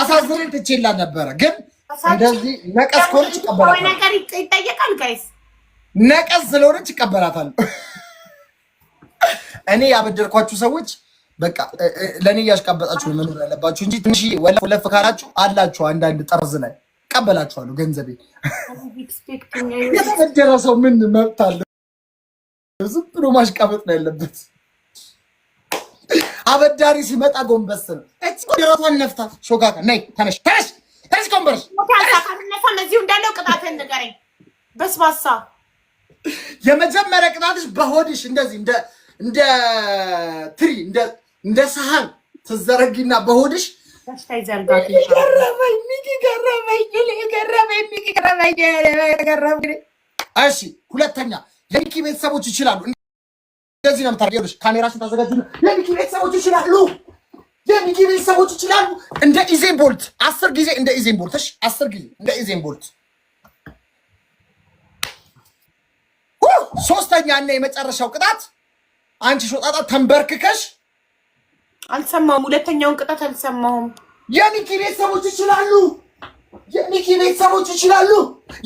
አሳዝርን ትችላት ነበረ። ግን እንደዚህ ነቀስ ከሆነች ይቀበላታል። ይጠየቃል ጋይስ ነቀስ ስለሆነች ይቀበላታል። እኔ ያበደርኳችሁ ሰዎች በቃ ለእኔ እያሽቃበጣችሁ መኖር ያለባችሁ እንጂ ትንሽ ወለፍ ካላችሁ አላችሁ አንዳንድ ጠርዝ ላይ ይቀበላችኋሉ። ገንዘቤ የተበደረ ሰው ምን መብት አለው? ዝም ብሎ ማሽቃበጥ ነው ያለበት። አበዳሪ ሲመጣ ጎንበስ ነው። ደረቷን ነፍታ ሾጋጋ ነይ ተነሽ ተነሽ ተነሽ ጎንበርሽ እዚሁ እንዳለው ቅጣትህን ንገረኝ። በስባሳ የመጀመሪያ ቅጣትሽ በሆድሽ እንደዚህ እንደ ትሪ እንደ ሰሃን ትዘረጊና በሆድሽ ገረመኝ። እሺ ሁለተኛ የሚኪ ቤተሰቦች ይችላሉ እንደዚህ ነው የምታደርገው። ካሜራሽን ታዘጋጁ። የሚኪ ቤተሰቦች ይችላሉ፣ የሚኪ ቤተሰቦች ይችላሉ። እንደ ኢዜን ቦልት አስር ጊዜ እንደ ኢዜን ቦልት እሺ፣ አስር ጊዜ እንደ ኢዜን ቦልት። ሶስተኛ እና የመጨረሻው ቅጣት አንቺ ሾጣጣ ተንበርክከሽ። አልሰማሁም፣ ሁለተኛውን ቅጣት አልሰማሁም። የሚኪ ቤተሰቦች ይችላሉ፣ የሚኪ ቤተሰቦች ይችላሉ።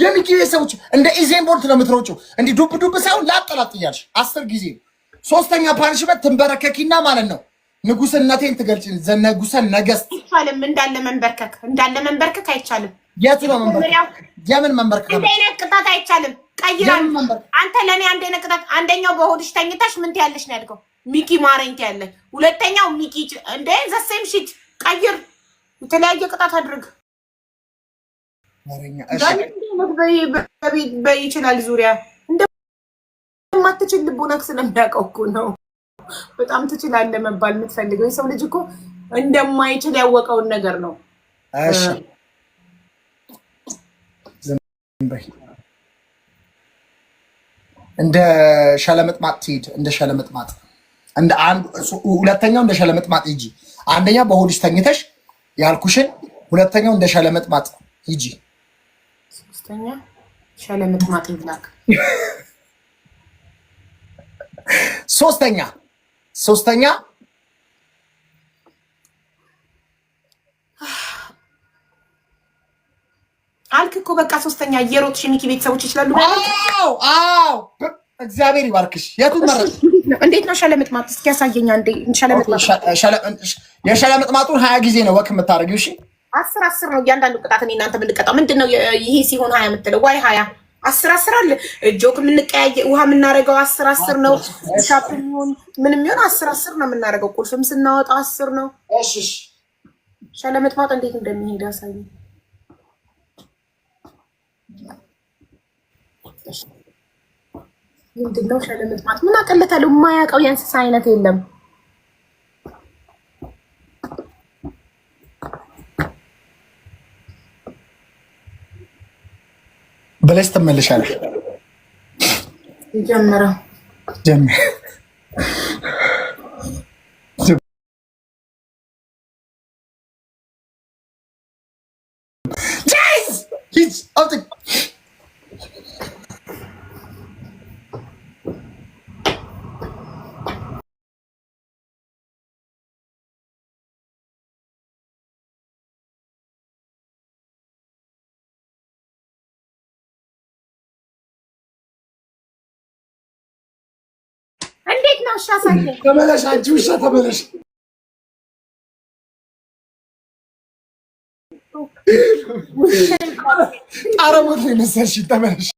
የሚኪ ቤተሰቦች እንደ ኢዜን ቦልት ነው የምትሮጪው። እንዲህ ዱብ ዱብ ሳይሆን ላጥ ላጥ እያልሽ አስር ጊዜ ሶስተኛ ፓርሽመንት ትንበረከኪና ማለት ነው ንጉስነቴን ትገልጭ ንጉሰ ነገስት አይቻልም። እንዳለ መንበርከክ እንዳለ መንበርከክ አይቻልም። የቱ ነው መንበርከክ? የምን መንበርከክ? እንደ አይነት ቅጣት አይቻልም። ቀይራል። አንተ ለእኔ አንድ አይነት ቅጣት። አንደኛው በሆድሽ ተኝታሽ ምን ትያለሽ ነው ያልከው። ሚኪ ማረኝ ትያለሽ። ሁለተኛው ሚኪ እንደ ዘሴም ሽት ቀይር፣ የተለያየ ቅጣት አድርግ። ማረኛ እሺ፣ በቤት በይችላል ዙሪያ የማትችል ልቦናክ ስለሚያውቀው እኮ ነው። በጣም ትችላለ መባል የምትፈልገው የሰው ልጅ እኮ እንደማይችል ያወቀውን ነገር ነው። እንደ ሸለመጥማጥ ትሂድ፣ እንደ ሸለመጥማጥ እንደ አንድ ሁለተኛው እንደ ሸለመጥማጥ ሂጂ። አንደኛ በሆድሽ ተኝተሽ ያልኩሽን፣ ሁለተኛው እንደ ሸለመጥማጥ ሂጂ፣ ሶስተኛ ሸለመጥማጥ ይብላክ ሶስተኛ ሶስተኛ አልክ እኮ በቃ ሶስተኛ እየሮጥሽ የሚኪ ቤተሰቦች ይችላሉ። አዎ አዎ፣ እግዚአብሔር ይባርክሽ። የቱን መረጥሽ? እንዴት ነው ማጥ? እስኪ ያሳየኝ አንዴ። የሸለምጥማጡን ሀያ ጊዜ ነው ወክ የምታደርጊው። እሺ፣ አስር አስር ነው እያንዳንዱ ቅጣት። እኔ እናንተ የምንቀጣው ምንድን ነው? ይሄ ሲሆን ሀያ የምትለው ዋይ ሀያ አስር አስር አለ ጆክ የምንቀያየ ውሃ የምናደርገው አስር አስር ነው። ሻፕ የሚሆን ምን የሚሆን አስር አስር ነው የምናደርገው። ቁልፍም ስናወጣ አስር ነው። ማጥ እንዴት እንደሚሄድ ያሳይ። ምንድነው ሸለመጥማጥ? ምን አቀለታለሁ። የማያውቀው የእንስሳ አይነት የለም። በላይ ስትመለሻለሽ ጀምረው ሂድና ውሻ አሳየኝ። ተመለሽ አንቺ ውሻ ተመለሽ። ጣረሞት ነው የመሰልሽ። ተመለሽ